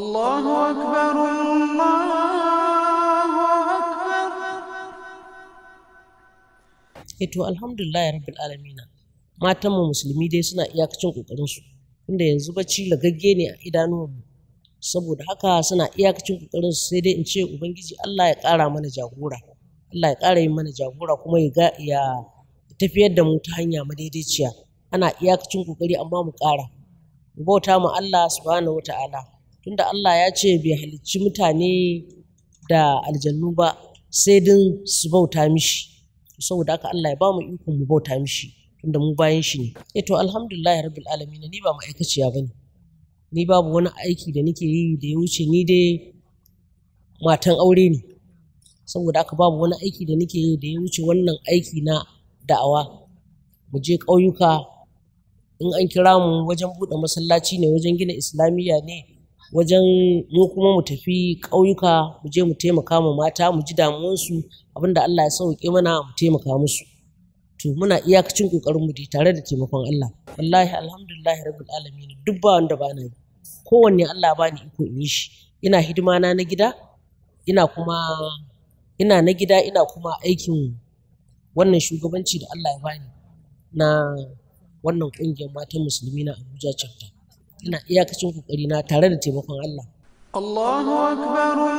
الله أكبر الله أكبر to alhamdulillah rabbil alamin matan mu musulmi dai suna iyakacin kokarin su yanzu bacci lagagge ne a idanunmu saboda haka suna iyakacin kokarin sai dai in ce ubangiji Allah ya ƙara mana jagora Allah ya ƙara yin mana jagora kuma ya ya tafiyar da mu ta hanya madaidaiciya ana iyakacin kokari amma mu ƙara bauta mu Allah subhanahu wata'ala tunda Allah ya ce bai halicci mutane da aljannu ba sai din su bauta mishi saboda haka Allah ya ba mu ikon mu bauta mishi tunda mu bayan shi ne eh to alhamdulillah rabbil alamin ni ba ma'aikaciya bane ni babu wani aiki da nake yi da ya wuce ni dai matan aure ne saboda haka babu wani aiki da nake yi da ya wuce wannan aiki na da'awa mu je ƙauyuka in an kira mu wajen buɗe masallaci ne wajen gina islamiyya ne wajen mu kuma mu tafi ƙauyuka mu je mu taimaka ma mata mu ji damuwansu abinda Allah ya sauke mana mu taimaka musu to muna iyakacin ƙoƙarin mu tare da taimakon Allah wallahi alhamdulillah rabbil alamin duk ba wanda ba na kowanne Allah ba ni iko in yi shi ina hidima na na gida ina kuma ina na gida ina kuma aikin wannan shugabanci da Allah ya bani na wannan ƙungiyar matan musulmi na Abuja chapter ina iyakacin kokari na tare da taimakon Allah Allahu akbar